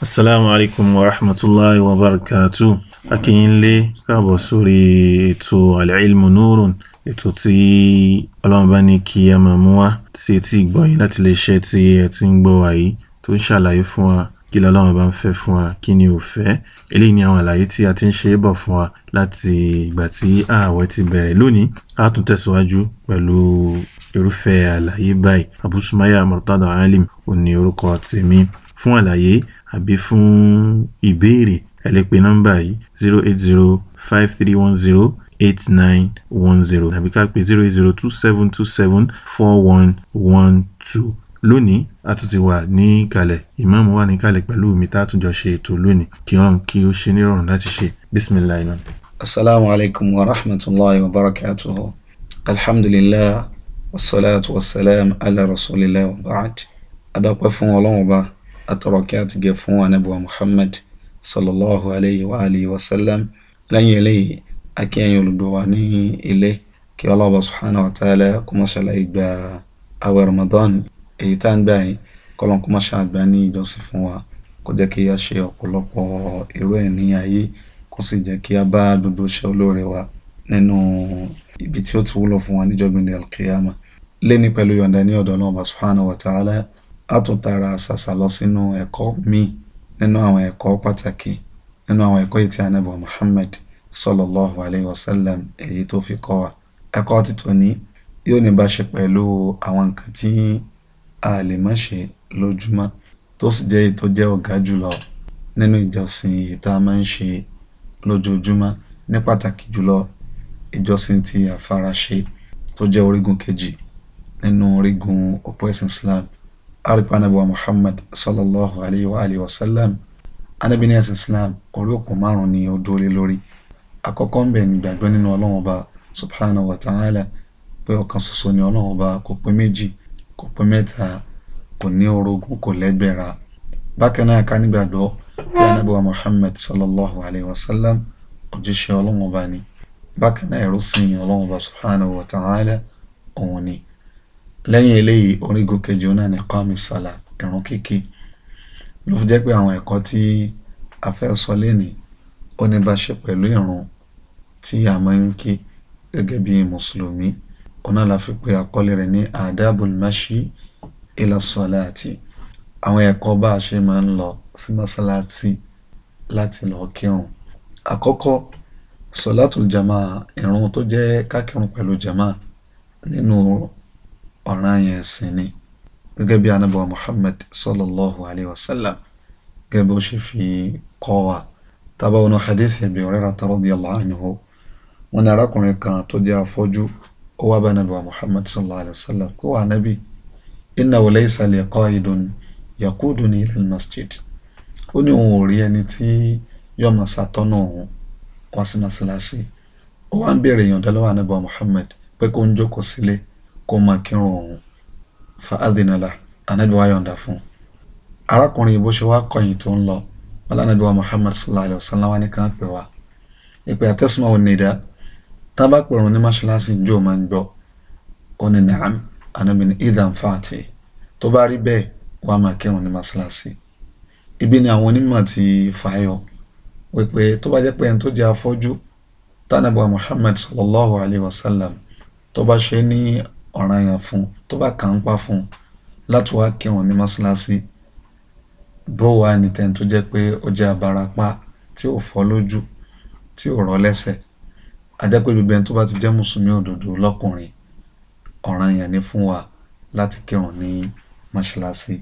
asalaamu alaykum wa rahmatulahi wa barakatu akínyínlé káàbọ̀ sórí ètò alilmu nurun ètò tí ọlọ́run bá ní kí a máa mú wá sí etí ìgbọ̀yìn láti lè ṣe tí ẹ ti ń gbọ́ wa yìí tó ń ṣàlàyé fún wa kí lọ́lọ́run bá ń fẹ́ fún wa kí ni ò fẹ́ eléyìí ni àwọn àlàyé tí a ti ń ṣe é bọ̀ fún wa láti ìgbà tí ààwẹ̀ ti bẹ̀rẹ̀ lónìí a tún tẹ̀síwájú pẹ̀lú irúfẹ́ àlàyé báyìí Abu Sumayya Murtada Alim òní orúkọ tèmi fún àlàyé àbí fún ìbéèrè ẹ lè pe nọ́mbà yìí zero eight zero five three one zero eight nine one zero tàbí ká pe zero eight zero two seven two seven four one one two lónìí a tún ti wà ní kalẹ̀ ìmáàmù wà ní kalẹ̀ pẹ̀lú mi tá a tún jọ ṣe ètò lónìí kí ọ̀run kí ó ṣe nírọ̀rùn láti ṣe bisimilayi náà. asalaamu alaykum wa rahmatulahi wa barakatuhu alhamdulilah wasalaatu wasalaam ala rasulillah wa baad adapẹ fun ọlọ́run ọba atọrọ kí a ti gẹ fún anabiwa muhammad sallallahu alayhi wa alihi wa sallam lẹ́yìn eléyìí akínyẹn olùdó wa ní ilé kí ọlọ́ọ̀bà subhanahu wa ta'ala kó má ṣàlàyé gba àwẹ̀ ramadan èyí tá à ń gbà yìí kọ́lọ́n kó má ṣàgbà ní ìjọsìn fún wa kó jẹ́ kí a ṣe ọ̀pọ̀lọpọ̀ irú ẹ̀ ní ayé kó sì jẹ́ kí a bá dodo iṣẹ́ olóore wa nínú ibi tí ó ti wúlò fún wa níjọ́gbìn alkiyama lẹ́ni pẹ̀lú yọ̀ǹda ní ọ̀dọ̀ ọlọ́ọ̀bà subhanahu wa ta'ala á tún tara ṣàṣà lọ sínú ẹ̀kọ́ míì nínú àwọn ẹ̀kọ́ pàtàkì nínú àwọn ẹ̀kọ́ yìí tí ànábì Muhammad sallallahu alayhi wa sallam èyí tó fi kọ́ wa ẹ̀kọ́ títò ní yóò ní bá ṣe pẹ̀lú àwọn nǹkan tí a lè má ṣe lójúmọ́ tó sì jẹ́ èyí tó jẹ́ ọ̀gá jùlọ nínú ìjọsìn èyí tá a máa ń ṣe lójoojúmọ́ ní pàtàkì jùlọ ìjọsìn ti àfaraṣe tó jẹ́ orígun kejì nínú orígun òpó Islam arikpa anabi wa muhammad sallallahu alayhi wa alayhi wa sallam anabi ní ẹ̀sìn islam orí òkú márùn ni ó dúró lé lórí àkọ́kọ́ ń bẹ̀ ní ìgbàgbọ́ nínú ọlọ́run ọba subhanahu wa ta'ala pé ọ̀kan ṣoṣo ni ọlọ́run ọba kò pé méjì kò pé mẹ́ta kò ní orogún kò lẹ́gbẹ̀ra bákan náà ká nígbàgbọ́ pé anabi wa muhammad sallallahu alayhi wa sallam òjíṣẹ́ ọlọ́run ọba ni bákan náà ẹ̀rọ sìn ọlọ́run ọba subhanahu wa ta'ala òun ni lẹ́yìn eléyìí orígun kejì náà ni kọ́mi sọ̀la ìrun kíkí ló fi jẹ́ pé àwọn ẹ̀kọ́ tí a fẹ́ sọ lénìí ó ní bá ṣe pẹ̀lú ìrun tí a máa ń kí gẹ́gẹ́ bí mùsùlùmí òun la fi pe àkọlé rẹ̀ ní adabul mashi ila salati àwọn ẹ̀kọ́ bá a ṣe máa ń lọ sí mọ́sálásí láti lọ kírun àkọ́kọ́ sọ̀látùl jamaa ìrun tó jẹ́ kákírun pẹ̀lú jamaa nínú ọ̀ràn yẹn sì ni gẹ́gẹ́ bí anábọ̀ Muhammad sallallahu alayhi wa sallam gẹ́gẹ́ bó ṣe fi kọ́ wa tábàwọn hadith Abi Hurairah radiyallahu anhu wọn ni arákùnrin kan tó jẹ́ afọ́jú ó wá bá anábọ̀ Muhammad sallallahu alayhi wa sallam kó wà nábì innahu laysa li qaidun yaquduni ila al-masjid ó ní òun ò rí ẹni tí yóò máa ṣàtọ́nà òun wá masalasi ó wá ń béèrè ìyọ̀ǹda lọ́wọ́ anábọ̀ Muhammad pé kó ń jókòó sílé kó máa fa adìnnàlà ànábì wa yọ̀ǹda fún un arákùnrin ìbò ṣe wá kọ̀yìn tó ń lọ wọn muhammad sallallahu alayhi wa sallam wá ní ká pè wá ìpè àtẹ̀sùmọ̀ ò nìdá tábà pẹ̀rùn ní mọ́ṣáláṣí ìjọ máa ń gbọ́ ó ní nàám ànábì ní idan fati tó bá rí bẹ́ẹ̀ wàá máa kírun ní mọ́ṣáláṣí ibi ni àwọn onímọ̀ ti fàáyọ wípé tó bá jẹ́ pé ẹni tó jẹ́ afọ́jú tánàbí muhammad sallallahu alayhi wa sallam tó bá ṣe ní ọ̀ranyàn fún un tó bá kà ń pa fún un láti wá kírun ní mọ́ṣáláṣí bó wà ní tẹ́ni tó jẹ́ pé ó jẹ́ abarapá tí ò fọ́ lójú tí ò rọ́ lẹ́sẹ̀ ajẹ́pẹ́ gbogbo ẹni tó bá ti jẹ́ mùsùlùmí òdodo lọ́kùnrin ọ̀ranyàn ni fún wa láti kírun ní mọ́ṣáláṣí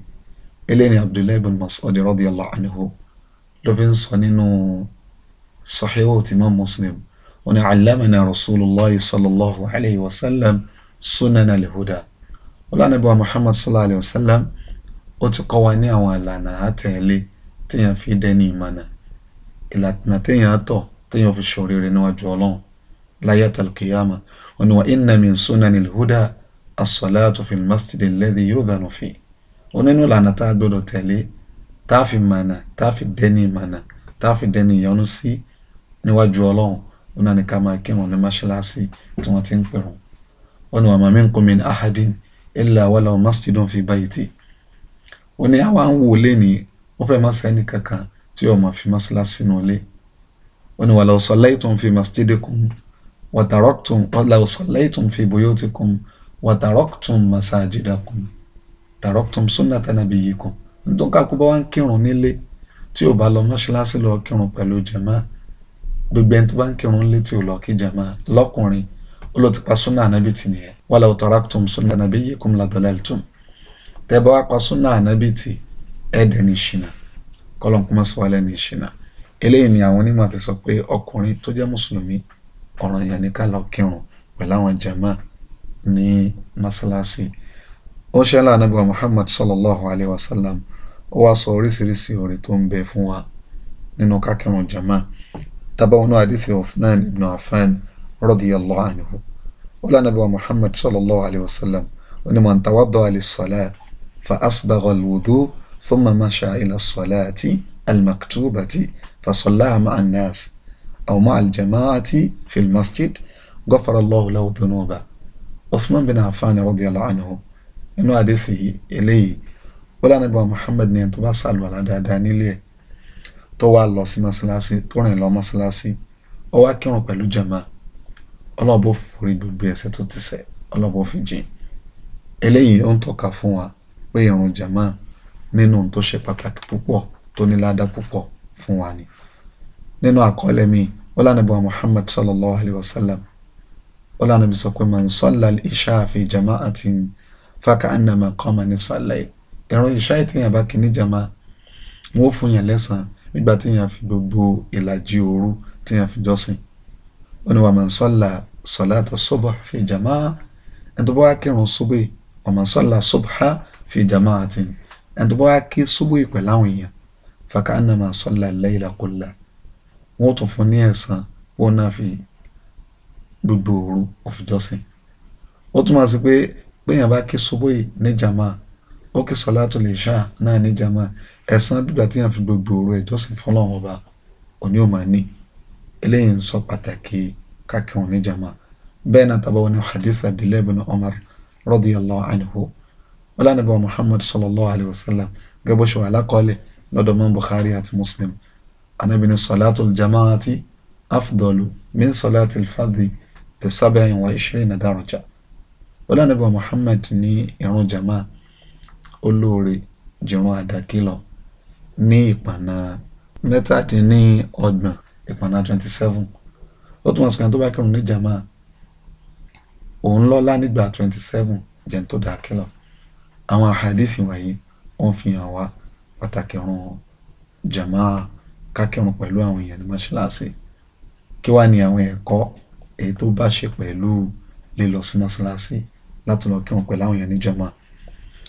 eléyìí abdullahi bin mas'ud radiyallahu anhu ló fi ń sọ nínú sahihu ti muslim ó ní allamana rasulillah sallallahu alayhi wa sallam súnana lèhúdà ọlọ́nàbíwá muhammad sallallahu alayhi wa sallam ó ti kọ́ wa ní àwọn ìlànà àtẹ̀lé téèyàn fi dẹni ìmọ̀nà ìlànà téèyàn tọ̀ téèyàn fi ṣòrere níwájú ọlọ́run láyé talkiyama wọn ni wa inna min súnana lèhúdà as-salatu fi masjid alladhi yudhanu fi ó nínú ìlànà tá a gbọdọ̀ tẹ̀lé tá a fi mọ̀nà tá a fi dẹni ìmọ̀nà tá a fi dẹni ìyọnu sí níwájú ọlọ́run ó náà ní ká máa kírun ní mọ́ṣáláṣí tí wọ́n ti ń pèrún ó ní wa ma minkum min ahadin illa walahu masjidun fi bayti ó ní àwa ń wò lé ní ó fẹ́ máa sẹ́ni kankan tí ó máa fi mọ́ṣáláṣí nù lé ó ní walaw sallaytum fi masjidikum wa taraktum walaw sallaytum fi buyutikum wa taraktum masajidakum taraktum sunnata nabiyyikum nítorí kálukú bá wá ń kírun nílé tí ò bá lọ mọ́ṣáláṣí lọ kírun pẹ̀lú jàmáà gbogbo bá ń kírun nílé tí ò lọ kí jàmáà lọ́kùnrin ló ti pa súnà ànábì tì nìyẹn wàlá ò tọ́ra tó ń súnà ànábì yìí kó ń la dọ́là tó ń tẹ́ bá wá pa súnà ànábì tì ẹ̀ẹ́dẹ̀ ní ìṣìnà kọ́lọ́n kó má sọ wálẹ̀ ní ìṣìnà eléyìí ni àwọn onímọ̀ fi sọ pé ọkùnrin tó jẹ́ mùsùlùmí ọ̀ràn yẹn lọ kírun pẹ̀lú àwọn jàmá ní mọ́sálásí ó ṣe ńlá wa Muhammad sallallahu alayhi wa sallam ó wá sọ oríṣiríṣi oore tó ń bẹ fún wa nínú ká kírun tábà wọnú àdìsí Uthman ibn Affan radiyallahu anhu wọ́n lànà bí wa muhammad sallallahu alayhi wa sallam wọ́n ni man tawadda'a lis-salat fa asbagha al-wudu' thumma masha ila as-salati al-maktubati fa sallaha ma'a an-nas aw ma'a al-jama'ati fi al-masjid ghafara Allahu lahu dhunuba usman bin affan radiyallahu anhu nínú àdéhùn eléyìí wọ́n lànà bí wa muhammad ní ẹ̀ tó bá sàlùwàlá dáadáa nílé ẹ̀ tó wá lọ sí mọ́sálásí tó rìn lọ mọ́sálásí ó wá kírun pẹ̀lú jama ọlọ́ọ̀bọ forí gbogbo ẹ̀ṣẹ̀ tó ti ṣẹ̀ ọlọ́ọ̀bọ fi jìn eléyìí ó ń tọ́ka fún wa pé ìrun jama nínú tó ṣe pàtàkì púpọ̀ tó ní ládàá púpọ̀ fún wa ni nínú àkọọ́lẹ̀ mi ọlànàbọ̀ Muhammad sallallahu alayhi wa sallam ọlànàbí sọ pé man salla al-isha fi jama'atin faka'annama qama nisfa al-layl ìrun ìṣá ìtìyàn bá kì ní jama wọn ó fún yàn lẹ́sàn-án nígbà tíyàn fi gbogbo ìlàjì òru tíyàn fi jọ́sìn wọn ni wà máa ń sọ́là sọ́láta sọ́bọ̀ fi jàmá ẹni tó bá wá kírun sóbè wà máa ń sọ́là sọ́bà fi jàmá àti ẹni tó bá wá kí sóbè pẹ̀lú àwọn èèyàn fàkà ànà máa sọ́là lẹ́yìnlá kọ́lá wọ́n tún fún ní ẹ̀san wọn náà fi gbogbo òru òfìjọ́sìn ó túmọ̀ sí pé péyàn bá kí sóbè ní jàmá ó kí sọ́látù lè ṣáà náà ní jàmá ẹ̀san gbígbà tí yàn fi gbogbo òru ìjọ́sìn fọlọ́run ọba òní ò máa ní eléyìí ń sọ pàtàkì kákìrún ní jama bẹ́ẹ̀ náà tábà wọn hadith abdullahi bin umar radiyallahu anhu wọn lánàá bá muhammad sallallahu alayhi wa sallam gẹ́gbọ́ ṣe wà lákọọ́lẹ̀ lọ́dọ̀ mọ́ bukhari àti muslim anabi ni salatul jamaati afdalu min salatul fadhi bi sab'in wa ishrina daraja wọn lánàá bá muhammad ní irun jama olóore jìrún àdàkí ní ìpànà mẹ́tàdínní ọgbọ̀n ìpànà twenty seven ó túmọ̀ sí kan tó bá kírun ní jama òun lọ́lá nígbà twenty seven jẹ́ tó dáa kílọ̀ àwọn àhàdísì wọ̀nyí wọ́n fi hàn wá pàtàkì ìrun jama kákírun pẹ̀lú àwọn èèyàn ní mọ́ṣáláṣí kí wàá ní àwọn ẹ̀kọ́ èyí tó bá ṣe pẹ̀lú lílọ sí mọ́ṣáláṣí láti lọ kírun pẹ̀lú àwọn èèyàn ní jama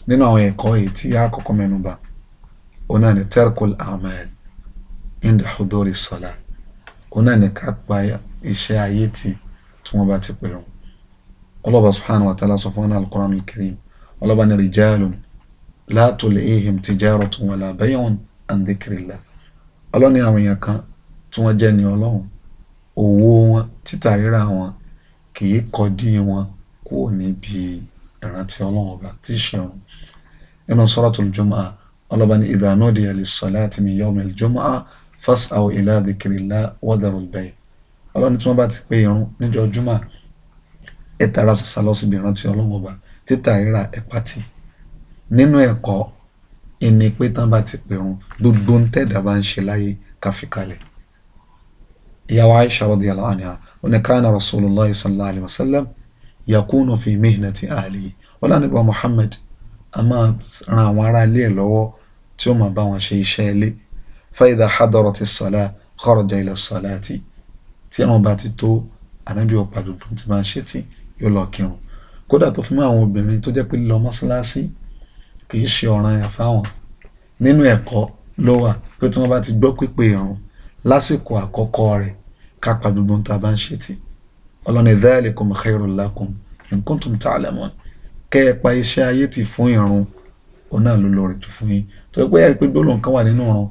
nínú àwọn ẹ̀kọ́ èyí tí a kọ́kọ́ mẹ́nu ó náà ní terkul amal inda hudori òun náà ní ká pa iṣẹ́ ayé tì tí wọ́n bá ti pè rún ọlọ́ba subhanahu wa ta'ala sọ fún ọ́nà al-Qur'an al-Karim ọlọ́ba ní rijalun la tulihim tijaratun wala bay'un an dhikrillah ọlọ́ni àwọn èèyàn kan tí wọ́n jẹ́ ní ọlọ́run owó wọn títà rírà wọn kì í kọdí wọn kúrò níbi ìrántí ọlọ́run ọba tí í ṣe ọ̀run nínú suratul Jumu'ah ọlọ́ba ní idha fasaw ila dhikrillah wadarul bay ọlọ́ni tí wọ́n bá ti pé irun níjọ́ júmọ̀ ẹ tara ṣàṣà lọ síbi ìrántí ọlọ́run ọba títà rírà ẹ pàtì nínú ẹ̀kọ́ ìní pé tán bá ti pè wọn gbogbo ń tẹ̀dá bá ń ṣe láyé káfíkalẹ̀ ìyàwó Aisha radiyallahu anha oní kana rasulullah sallallahu alayhi wa sallam yakunu fi mihnati ahlihi wọn lànà ìgbà Muhammad a máa ran àwọn ará ilé ẹ̀ lọ́wọ́ tí ó máa bá wọn ṣe iṣẹ́ ilé fàyídà hadọrọ ti sọlá kọrọjà ilẹ sọlá ti tí àwọn bá ti tó anábì ọ̀pá gbogbo ti máa ń ṣe tí yóò lọ kírun kódà tó fún àwọn obìnrin tó jẹ́ pé lílọ mọ́ṣáláṣí kì í ṣe ọ̀ràn yẹn fáwọn nínú ẹ̀kọ́ ló wà pé tí wọ́n bá ti gbọ́ pípé ìrun lásìkò àkọ́kọ́ rẹ̀ kápá gbogbo tá a bá ń ṣe tí ọlọ́ni dhalikum khairul lakum in kuntum ta'lamun kẹ́ ẹ pa iṣẹ́ ayé tì fún ìrun òun náà ló lọ rẹ̀ tó fún yín tó yẹ pé ẹ̀rí pé gbólóhùn kan wà nínú ọ̀run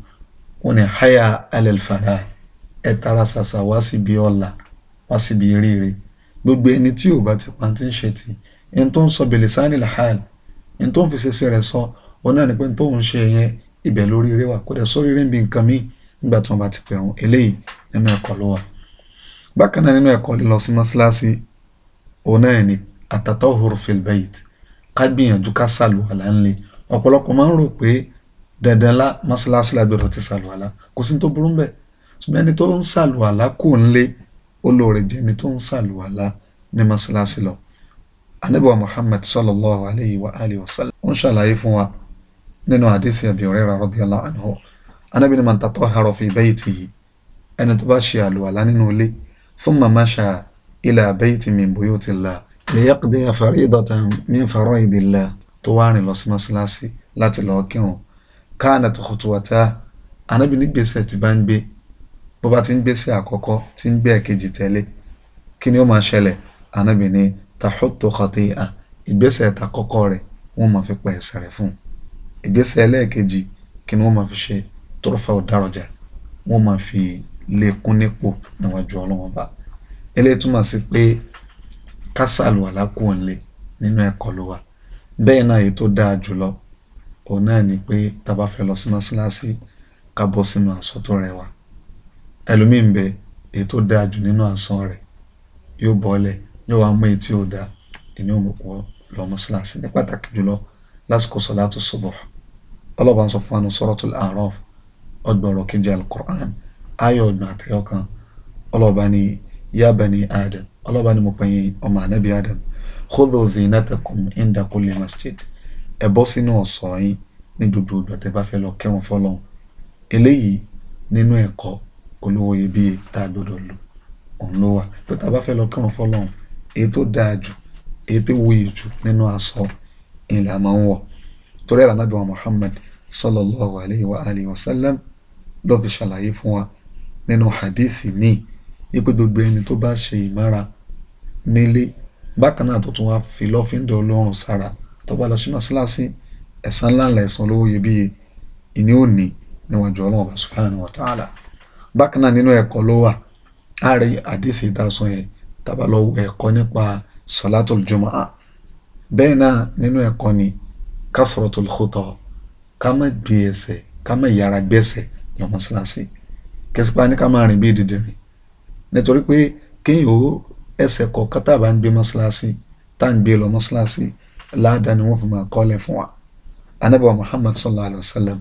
wọ́n ní haya alẹ́lfàdà ẹ tara ṣàṣà wá síbi ọ̀la wá síbi eréere gbogbo ẹni tí ò bá ti pa ti ń ṣe ti ẹni tó ń sọ bèlèsánì làhàl ẹni tó ń fi ṣeṣe rẹ̀ sọ òun náà ni pé tó ń ṣe yẹn ibẹ̀ lórí eré wa kó dẹ̀ sórí eré bí nǹkan míì nígbà tí wọ́n bá ti pẹ̀rùn eléyìí nínú ẹ̀kọ́ ló wà. bákan náà nínú ẹ̀kọ́ lílọ sí mọ́ṣáláṣí òun náà ni àtàtà òhòrò fil bayt ká gbìyànjú ká sàlùwàlà ńlẹ̀ ọ̀pọ̀lọpọ̀ máa ń rò pé dandan lá mọ́ṣáláṣí la gbọdọ̀ ti ṣàlùwàlá kò sí ní tó burú bẹ́ẹ̀ ṣùgbọ́n ẹni tó ń ṣàlùwàlá kò ń lé olóore jẹ́ ẹni tó ń ṣàlùwàlá ní mọ́ṣáláṣí lọ. anábìwá Muhammad sallallahu alayhi wa alihi wa sallam ń ṣàlàyé fún wa nínú àdéhìí Abi Hurairah radiyallahu anhu anábì ni man tatahhara fi baytihi ẹni tó bá ṣe àlùwàlá nínú ilé thumma masha ila baytin min buyutillah liyaqdiya faridatan min faraidillah tó wá rìn lọ sí mọ́ṣáláṣí láti lọ́ọ́ kírun kánà tó kò tó wà tá anábì nígbèsè tí bá ń gbé bó bá ti ń gbèsè àkọ́kọ́ tí ń gbé ẹ̀kejì tẹ̀lé kí ni ó máa ṣẹlẹ̀ anábì ní tàhótó kọtíà ìgbésẹ̀ ta kọ́kọ́ rẹ̀ wọ́n máa fi pa ẹ̀ṣẹ̀ rẹ̀ fún un ìgbésẹ̀ ẹlẹ́ẹ̀kejì kí ni wọ́n máa fi ṣe tọrọfà ọ̀dàrọ̀jà wọ́n máa fi lékún nípò níwájú ọlọ́wọ́n bá eléyìí túmọ̀ sí pé kásàlù àlákùnlé nínú ẹ̀kọ́ ló wà bẹ́ẹ̀ náà èyí tó dáa jùlọ òun náà ni pé tá a bá fẹ́ lọ sí mọ́ṣáláṣí ká bọ́ sínú aṣọ tó rẹwà ẹlòmíín bẹ èyí tó dáa jù nínú aṣọ rẹ̀ yóò bọ́lẹ̀ yóò wá mú èyí tí ò dáa èmi ò mọ̀ lọ mọ́ṣáláṣí ní pàtàkì jùlọ lásìkò sọ̀látù subuh ọlọ́ba ń sọ fún anu suratul A'raf ọgbọ̀rọ̀ kejì al-Qur'an ayọ̀ ọgbọ̀n àtẹ̀yọ̀ kan ọlọ́ba ni ya bani Adam ọlọ́ba ni mo pẹ̀yìn ọmọ anabi Adam khudhu zinatakum inda kulli masjid ẹ bọ́ sínú ọ̀ṣọ́ yín ní gbogbo ìgbà tẹ́ bá fẹ́ lọ kírun fọ́lọ́run eléyìí nínú ẹ̀kọ́ olówó iyebíye tá a gbọ́dọ̀ lò òun ló wà pé tá a bá fẹ́ lọ kírun fọ́lọ́run èyí tó dáa jù èyí tó wuyì jù nínú aṣọ ìlà máa ń wọ̀ torí ẹ̀rọ anábì wa Muhammad sallallahu alayhi wa alihi wa sallam ló fi ṣàlàyé fún wa nínú hadithi míì ipe gbogbo ẹni tó bá ṣe ìmára nílé bákan náà tó tún wá fi lọ́fíńdọ̀ Ọlọ́run sára tó bá lọ sí mọ́ṣáláṣí ẹ̀san ńláńlá ẹ̀san olówó iyebíye ìní òní níwájú ọlọ́run bá subhanahu wa ta'ala bákan náà nínú ẹ̀kọ́ ló wà ààrẹ àdéhìí ìdásùn yẹn tàbá lọ ẹ̀kọ́ nípa sọ̀látùl jumu'ah bẹ́ẹ̀ náà nínú ẹ̀kọ́ ni kasratul khuta ká má gbé ẹsẹ̀ ká má yára gbẹ́sẹ̀ ní mọ́ṣáláṣí kẹsípa ní ká má rìn bí dídìrín nítorí pé kéèyàn ó ẹsẹ̀ kọ̀ọ̀kan tá ń gbé mọ́ṣáláṣí tá à ń gbé lọ mọ́ṣáláṣí ládàá ni wọ́n fi máa kọ́lẹ̀ fún wa anabi wa muhammad sallallahu alayhi wa sallam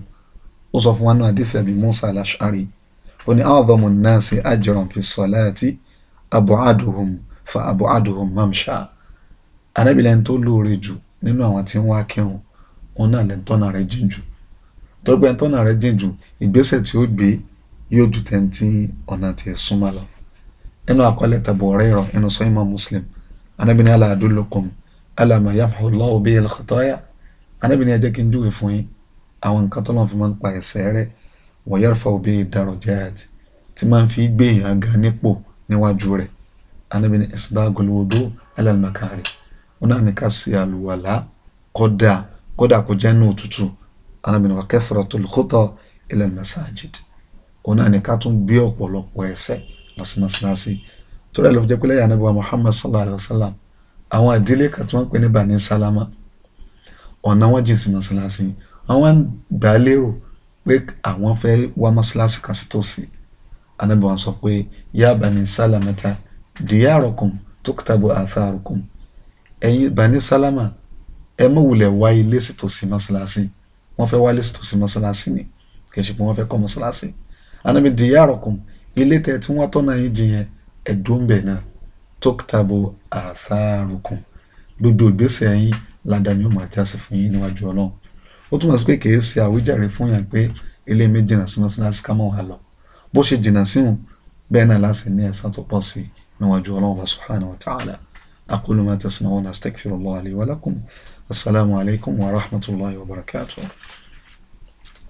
ó sọ fún wa náà àdìsí àbí musa alashari ó ní a'dhamu nnaasi ajran fi salati abu'aduhum fa abu'aduhum mamsha anabi lẹ́ni tó lóore jù nínú àwọn tí ń wá kírun òun náà lẹ́ni tọ́nà rẹ̀ jìn jù torí pé tọ́nà rẹ̀ jìn jù ìgbésẹ̀ tí ó gbé yóò ju tẹ̀ntì ọ̀nà tiẹ̀ súnmọ́ lọ nínú àkọọ́lẹ̀ tàbí ọ̀rẹ́ ìrọ̀ ẹnu sọ muslim anabi ní alama yamhu Allahu bihi al-khataaya anábì ní ẹ jẹ́ kí n júwe fún yín àwọn nǹkan tọ́lọ́run fi máa ń pa ẹ̀ṣẹ̀ rẹ́ wa yarfa'u bihi ad-darajaat tí máa ń fi gbé èèyàn gan nípò níwájú rẹ̀ anábì ní isbagul wudu ala al-makari wọn náà ní ká ṣe àlùwàlá kódà kódà kó jẹ́ ní òtútù anábì ní wa kathratul khuta ila al-masajid wọn náà ní ká tún gbé ọ̀pọ̀lọpọ̀ ẹ̀ṣẹ̀ lọ́sí mọ́sálásí torí ẹ̀ lọ́ọ́ fi wa Muhammad sallallahu alayhi wa sallam àwọn ìdílé kan tí wọ́n ń pè ní Bani Salama ọ̀nà wọn jìn sí mọ́ṣáláṣí àwọn ń gbà á lérò pé àwọn fẹ́ wá mọ́ṣáláṣí kan sí tòsí anábì wọn sọ pé yá Bani Salamata diyarukum tuktabu atharukum ẹ̀yin Bani Salama ẹ mọ̀ wulẹ̀ wá ilé sí tòsí mọ́ṣáláṣí wọ́n fẹ́ wá ilé sí tòsí mọ́ṣáláṣí ni kì í ṣe pé wọ́n fẹ́ kọ́ mọ́ṣáláṣí anábì diyarukum ilé tẹ̀ tí wọ́n tọ́nà yín jìn ẹ̀dùn bẹ̀ náà tuktabu atharukum gbogbo ìgbésẹ̀ yín ládàá ni yóò máa jásí fún yín níwájú ọlọ́run ó túmọ̀ sí pé kì í ṣe àwíjàre fún yàn pé ilé mi jìnnà sí mọ́ṣáláṣí ká mọ̀ wá lọ bó ṣe jìnnà síhùn bẹ́ẹ̀ náà láti ní ẹ̀san tó pọ̀ sí níwájú ọlọ́run wa subhanahu wa ta'ala aqulu ma tasma'una astaghfirullah li wa lakum assalamu alaykum wa wa barakatuh.